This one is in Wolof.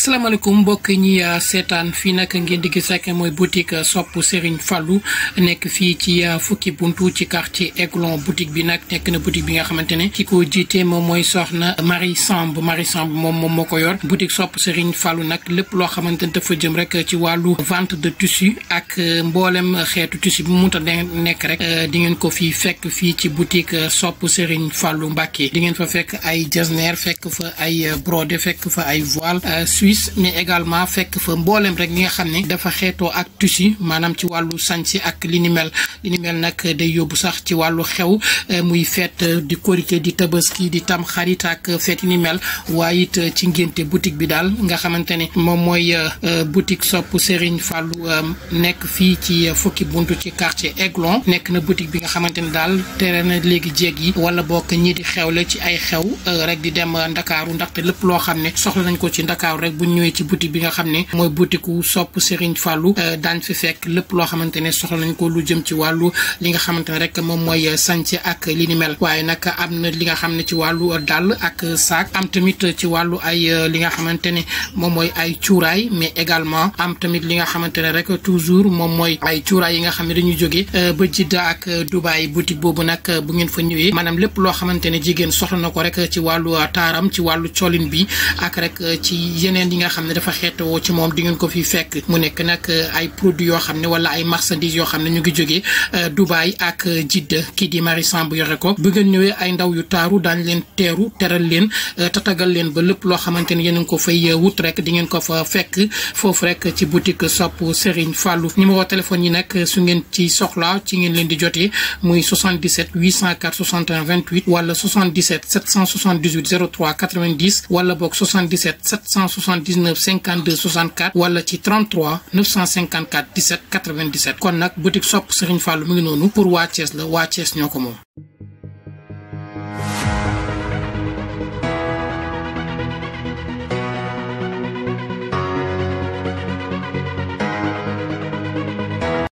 salaamaaleykum mbokk ñi ah, seetaan fii nag ngeen di gis rek mooy boutique ah, sopp Serigne Fallou nekk fii ci ah, fukki buntu ci ci Aiglon boutique bi nag nekk na boutique bi nga xamante ne ki ko jiite moom mooy soxna Marie Samb Marie Samb moom moom moo ko yor boutique sopp Serigne Fallou nag lépp loo xamante ne dafa jëm rek ci wàllu vente de tissu ak euh, mboolem xeetu tissu bi mu mënta nekk rek euh, di ngeen ko fii fekk fii ci boutique euh, sopp Serigne Fallou Mbacké di ngeen fa fekk ay jasneer fekk fa ay brodé fekk fa ay voile cuisse mais également fekk fa mboolem rek ñi nga xam ne dafa xeetoo ak tissu maanaam ci wàllu sañsi ak li ni mel li nag day yóbbu sax ci wàllu xew eh, muy fête di korité di tabaski di tam xarit ak fête yi waaye eh, ci ngénte boutique bi daal nga xamante ne moom mooy eh, boutique sopp Serigne Fallou nekk fii ci fukki buntu ci quartier eglon nekk na boutique bi nga xamante ne daal tere na léegi jéeg yi wala bokk ñii di xewle ci ay xew rek di dem Ndakaaru ndaxte lépp loo xam bu ñëwee ci boutique bi nga xam ne mooy boutique wu sopp Serigne Fallou euh, daan fi fekk lépp loo xamante ne soxla nañ ko lu jëm ci wàllu li nga xamante ne rek moom mooy sànce euh, ak li ni mel waaye nag am na li nga xam ne ci wàllu euh, dàll ak saak am tamit ci wàllu ay li nga xamante ne moom mooy ay cuuraay mais également am tamit li nga xamante ne rek toujours moom mooy ay cuuraay yi nga xam ne dañuy jóge ba Jidda ak Dubaay boutique boobu nag bu ngeen fa ñëwee maanaam lépp loo xamante ne jigéen soxla na ko rek ci wàllu taaram ci wàllu colin bi ak rek ci yeneen yi nga xam ne dafa xeetewoo ci moom di ngeen ko fi fekk mu nekk nag euh, ay produits yoo xam ne wala ay marchandises yoo xam ne ñu ngi jógee euh, Dubaï ak euh, Jidda kii di Marie bu yore ko bu ngeen ñëwee ay ndaw yu taaru daañ leen teeru teral leen tatagal leen ba lépp loo xamante ne yéen ngi ko fay wut rek di ngeen ko fa fekk foofu rek ci boutique sopp Serigne Fallou numéro téléphone yi nag su ngeen ci soxla ci ngeen leen di jotee muy 77 804 61 28 wala 77 79 52 64 wala ci 33 954 17 97 kon nag boutique sopp Serigne Fallou mu ngi noonu pour waa Thiès la waa Thiès ñoo ko moom.